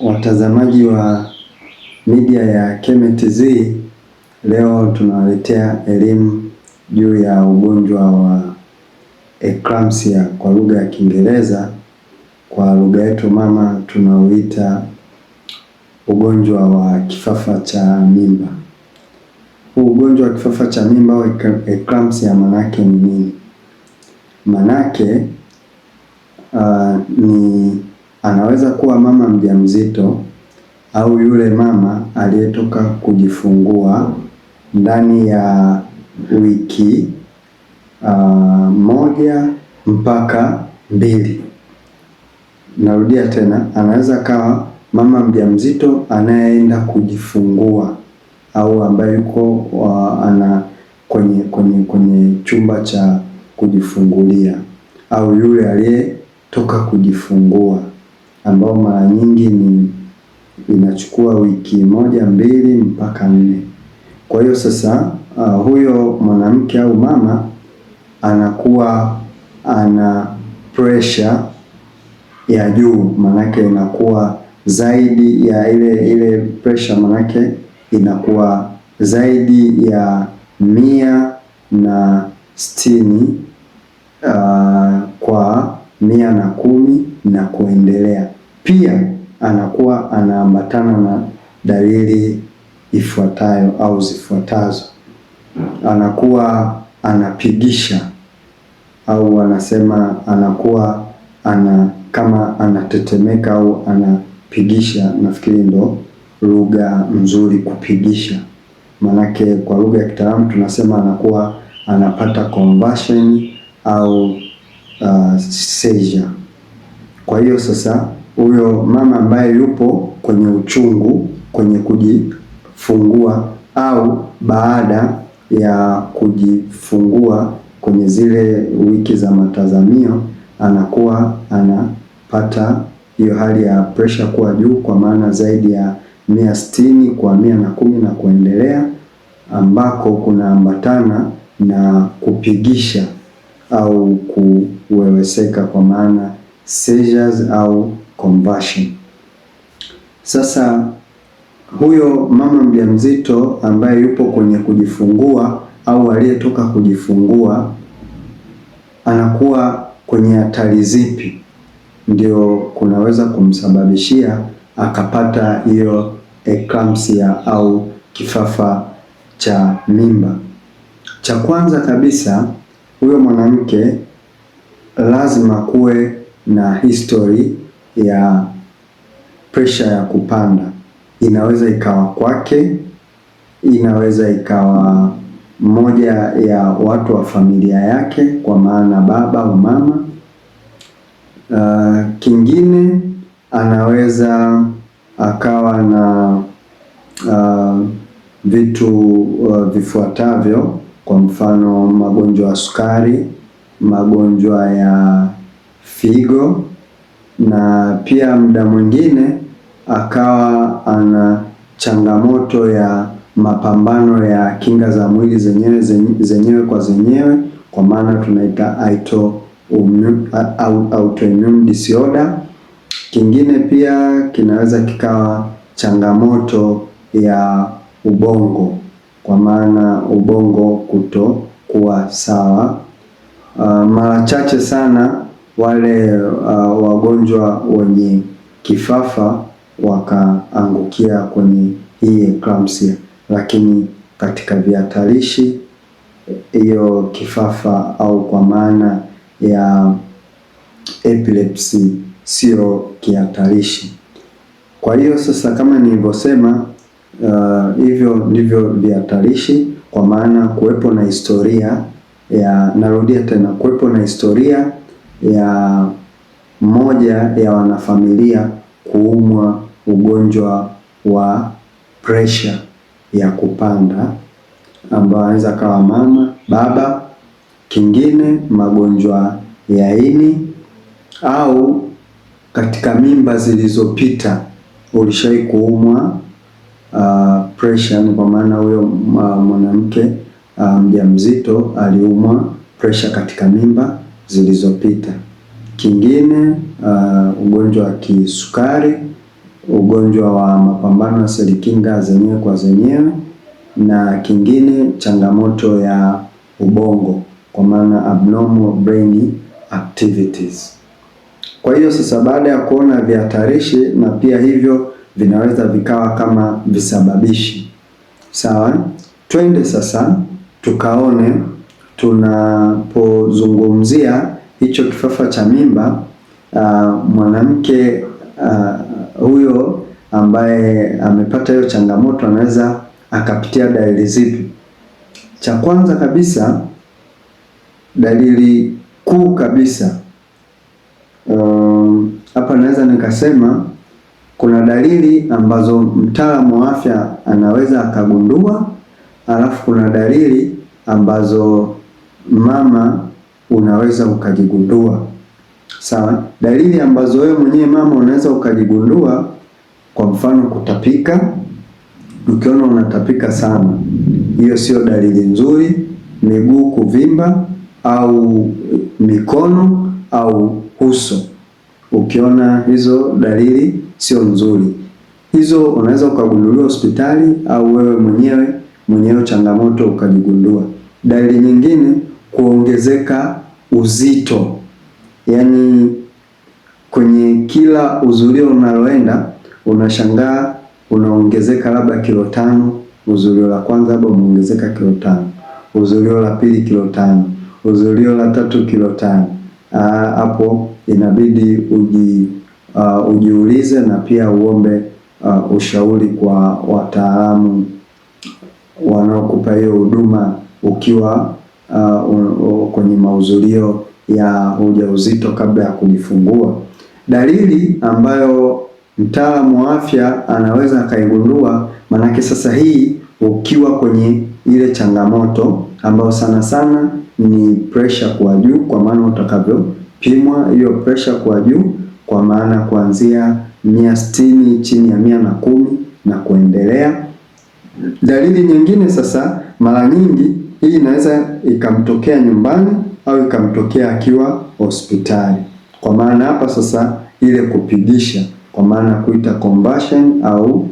Watazamaji wa media ya Kemet leo tunawaletea elimu juu ya ugonjwa wa eclampsia kwa lugha ya Kiingereza, kwa lugha yetu mama tunauita ugonjwa wa kifafa cha mimba. Huu ugonjwa wa kifafa cha mimba au eclampsia manake ni nini? Manake uh, ni Anaweza kuwa mama mjamzito au yule mama aliyetoka kujifungua ndani ya wiki uh, moja mpaka mbili. Narudia tena, anaweza kawa mama mjamzito anayeenda kujifungua au ambaye yuko uh, ana kwenye kwenye kwenye chumba cha kujifungulia au yule aliyetoka kujifungua ambao mara nyingi ni inachukua wiki moja mbili mpaka nne. Kwa hiyo sasa uh, huyo mwanamke au mama anakuwa ana pressure ya juu, manake inakuwa zaidi ya ile ile pressure, manake inakuwa zaidi ya mia na sitini uh, kwa mia na kumi na kuendelea. Pia anakuwa anaambatana na dalili ifuatayo au zifuatazo. Anakuwa anapigisha au anasema anakuwa ana kama anatetemeka au anapigisha. Nafikiri ndo lugha nzuri kupigisha, maanake kwa lugha ya kitaalamu tunasema anakuwa anapata convulsion au uh, seizure. Kwa hiyo sasa huyo mama ambaye yupo kwenye uchungu, kwenye kujifungua au baada ya kujifungua kwenye zile wiki za matazamio, anakuwa anapata hiyo hali ya presha kuwa juu kwa maana zaidi ya mia sitini kwa mia na kumi na kuendelea ambako kunaambatana na kupigisha au kuweweseka kwa maana seizures au convulsion. Sasa huyo mama mjamzito ambaye yupo kwenye kujifungua au aliyetoka kujifungua anakuwa kwenye hatari zipi, ndio kunaweza kumsababishia akapata hiyo eclampsia au kifafa cha mimba. Cha kwanza kabisa huyo mwanamke lazima kuwe na history ya pressure ya kupanda. Inaweza ikawa kwake, inaweza ikawa mmoja ya watu wa familia yake, kwa maana baba au mama. Uh, kingine anaweza akawa na uh, vitu uh, vifuatavyo kwa mfano magonjwa ya sukari, magonjwa ya figo, na pia muda mwingine akawa ana changamoto ya mapambano ya kinga za mwili zenyewe zenyewe kwa zenyewe, kwa maana tunaita autoimmune disorder. Kingine pia kinaweza kikawa changamoto ya ubongo kwa maana ubongo kutokuwa sawa. Uh, mara chache sana wale uh, wagonjwa wenye kifafa wakaangukia kwenye hii eclampsia, lakini katika vihatarishi hiyo kifafa au kwa maana ya epilepsy sio kihatarishi. Kwa hiyo sasa, kama nilivyosema, Uh, hivyo ndivyo vihatarishi, kwa maana kuwepo na historia ya, narudia tena, kuwepo na historia ya moja ya wanafamilia kuumwa ugonjwa wa presha ya kupanda ambayo anaweza kawa mama, baba, kingine magonjwa ya ini au katika mimba zilizopita ulishawahi kuumwa uh, pressure, ni kwa maana huyo uh, mwanamke mjamzito um, aliumwa pressure katika mimba zilizopita. Kingine uh, ugonjwa wa kisukari, ugonjwa wa mapambano ya seli kinga zenyewe kwa zenyewe, na kingine changamoto ya ubongo kwa maana abnormal brain activities. Kwa hiyo sasa, baada ya kuona vihatarishi na pia hivyo vinaweza vikawa kama visababishi. Sawa, twende sasa tukaone tunapozungumzia hicho kifafa cha mimba uh, mwanamke uh, huyo ambaye amepata hiyo changamoto anaweza akapitia dalili zipi? Cha kwanza kabisa, dalili kuu kabisa um, hapa um, naweza nikasema kuna dalili ambazo mtaalamu wa afya anaweza akagundua, alafu kuna dalili ambazo mama unaweza ukajigundua. Sawa, dalili ambazo wewe mwenyewe mama unaweza ukajigundua, kwa mfano kutapika. Ukiona unatapika sana, hiyo sio dalili nzuri. Miguu kuvimba au mikono au uso, ukiona hizo dalili sio nzuri. Hizo unaweza ukagunduliwa hospitali au wewe mwenyewe mwenyewe changamoto ukajigundua. Dalili nyingine, kuongezeka uzito, yaani kwenye kila uzulio unaloenda unashangaa unaongezeka labda kilo tano. Uzulio la kwanza labda umeongezeka kilo tano, uzulio la pili kilo tano, uzulio la tatu kilo tano. Ah, hapo inabidi uji uh, ujiulize na pia uombe uh, ushauri kwa wataalamu wanaokupa hiyo huduma ukiwa uh, uh, kwenye mahudhurio ya ujauzito kabla ya kujifungua. Dalili ambayo mtaalamu wa afya anaweza akaigundua, maanake sasa hii ukiwa kwenye ile changamoto ambayo sana sana ni pressure kwa juu, kwa maana utakavyopimwa hiyo pressure kwa juu kwa maana kuanzia mia sitini chini ya mia na kumi na kuendelea. Dalili nyingine sasa, mara nyingi hii inaweza ikamtokea nyumbani au ikamtokea akiwa hospitali, kwa maana hapa sasa ile kupigisha, kwa maana kuita combustion au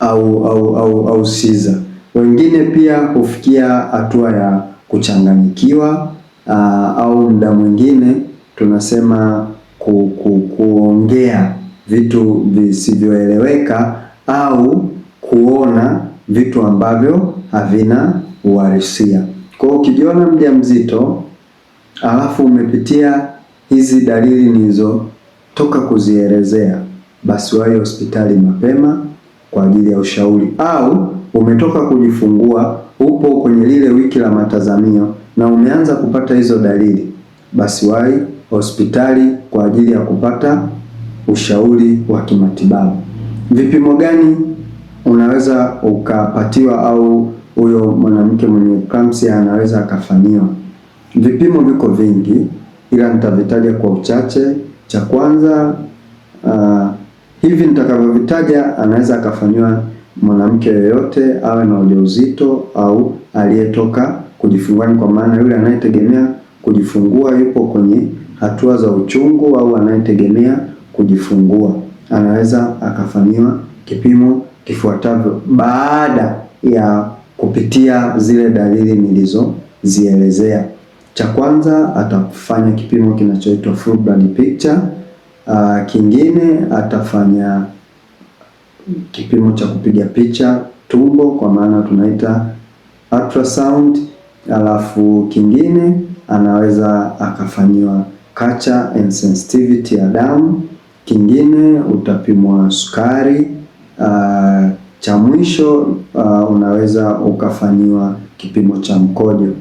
au au au, au siza. Wengine pia hufikia hatua ya kuchanganyikiwa, aa, au muda mwingine tunasema ku, ku, kuongea vitu visivyoeleweka au kuona vitu ambavyo havina uhalisia. Kwa hiyo ukijiona mjamzito alafu umepitia hizi dalili nilizotoka kuzielezea, basi wahi hospitali mapema kwa ajili ya ushauri, au umetoka kujifungua, upo kwenye lile wiki la matazamio na umeanza kupata hizo dalili, basi wahi hospitali kwa ajili ya kupata ushauri wa kimatibabu. Vipimo gani unaweza ukapatiwa au huyo mwanamke mwenye eclampsia anaweza akafanyiwa? Vipimo viko vingi, ila nitavitaja kwa uchache. Cha kwanza uh, hivi nitakavyovitaja anaweza akafanyiwa mwanamke yoyote, awe na ujauzito au aliyetoka kujifungua, kwa maana yule anayetegemea kujifungua yupo kwenye hatua za uchungu au anayetegemea kujifungua anaweza akafanyiwa kipimo kifuatavyo baada ya kupitia zile dalili nilizozielezea. Cha kwanza atafanya kipimo kinachoitwa full blood picture. Uh, kingine atafanya kipimo cha kupiga picha tumbo kwa maana tunaita ultrasound, alafu kingine anaweza akafanyiwa culture and sensitivity ya damu, kingine utapimwa sukari, uh, cha mwisho uh, unaweza ukafanyiwa kipimo cha mkojo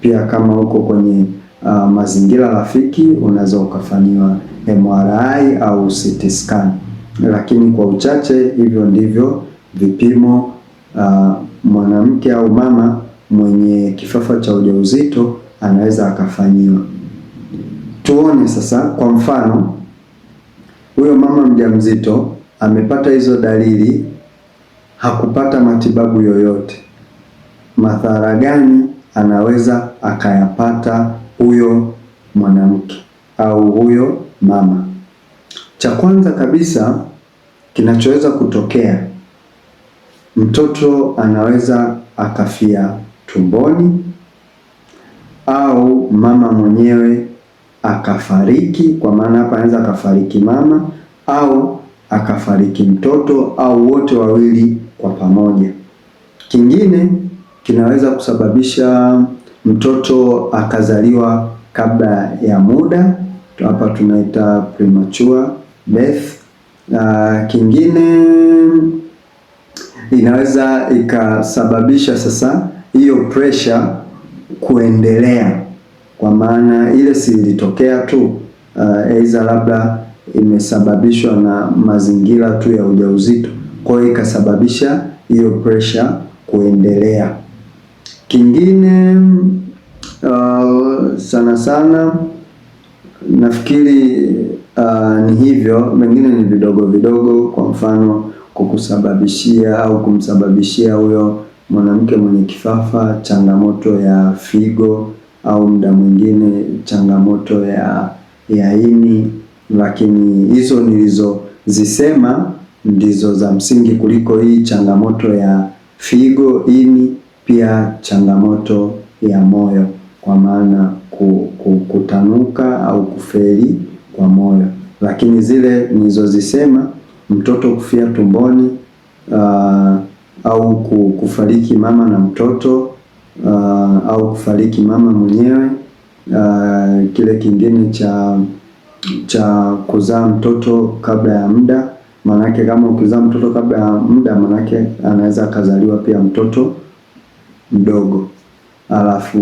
pia. Kama uko kwenye uh, mazingira rafiki, unaweza ukafanyiwa MRI au CT scan, lakini kwa uchache hivyo ndivyo vipimo uh, mwanamke au mama mwenye kifafa cha ujauzito anaweza akafanyiwa tuone sasa, kwa mfano huyo mama mjamzito amepata hizo dalili, hakupata matibabu yoyote, madhara gani anaweza akayapata huyo mwanamke au huyo mama? Cha kwanza kabisa kinachoweza kutokea, mtoto anaweza akafia tumboni au mama mwenyewe akafariki, kwa maana hapa anaweza akafariki mama au akafariki mtoto au wote wawili kwa pamoja. Kingine kinaweza kusababisha mtoto akazaliwa kabla ya muda, hapa tunaita premature death. Na kingine inaweza ikasababisha sasa hiyo pressure kuendelea kwa maana ile si ilitokea tu uh, aidha labda imesababishwa na mazingira tu ya ujauzito, kwa hiyo ikasababisha hiyo pressure kuendelea. Kingine uh, sana sana nafikiri uh, ni hivyo, mengine ni vidogo vidogo, kwa mfano kukusababishia au kumsababishia huyo mwanamke mwenye kifafa changamoto ya figo au muda mwingine changamoto ya ya ini, lakini hizo nilizozisema ndizo za msingi kuliko hii changamoto ya figo, ini, pia changamoto ya moyo, kwa maana kutanuka au kufeli kwa moyo. Lakini zile nilizozisema mtoto kufia tumboni, uh, au kufariki mama na mtoto uh, au kufariki mama mwenyewe. Uh, kile kingine cha cha kuzaa mtoto kabla ya muda, maanake kama ukizaa mtoto kabla ya muda, maanake anaweza akazaliwa pia mtoto mdogo. Alafu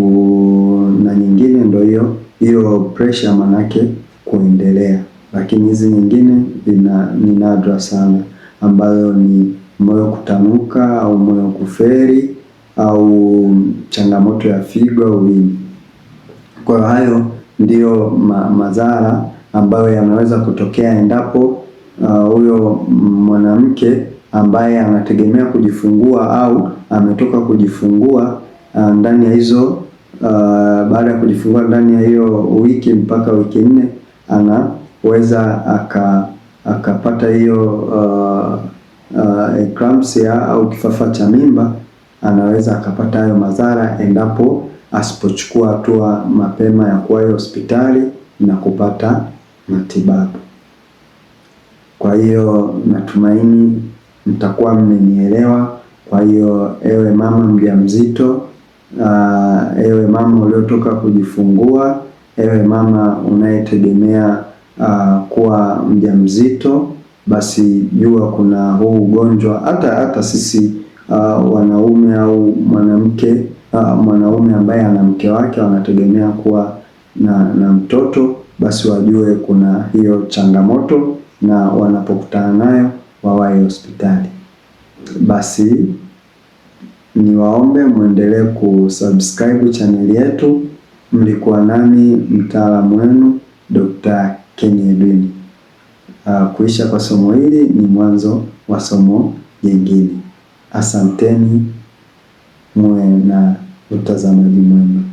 na nyingine ndio hiyo hiyo pressure, maanake kuendelea, lakini hizi nyingine ina, ni nadra sana, ambayo ni moyo kutanuka au moyo kuferi au changamoto ya figo au ini. Kwa hayo ndiyo ma madhara ambayo yanaweza kutokea endapo uh, huyo uh, mwanamke ambaye anategemea kujifungua au ametoka kujifungua uh, ndani ya hizo uh, baada ya kujifungua ndani ya hiyo wiki mpaka wiki nne anaweza aka akapata hiyo uh, uh, eclampsia au kifafa cha mimba anaweza akapata hayo madhara endapo asipochukua hatua mapema ya kuwahi hospitali na kupata matibabu. Kwa hiyo natumaini mtakuwa mmenielewa. Kwa hiyo ewe mama mjamzito, uh, ewe mama uliotoka kujifungua, ewe mama unayetegemea uh, kuwa mjamzito, basi jua kuna huu ugonjwa hata hata sisi uh, wanaume au mwanamke uh, mwanaume ambaye ana mke wake wanategemea kuwa na, na mtoto basi wajue kuna hiyo changamoto na wanapokutana nayo wawahi hospitali. Basi niwaombe mwendelee kusubscribe chaneli yetu. Mlikuwa nami mtaalamu wenu Dr. Kenny Edwin. Uh, kuisha kwa somo hili ni mwanzo wa somo jingine. Asanteni, mwe na utazamaji mwema.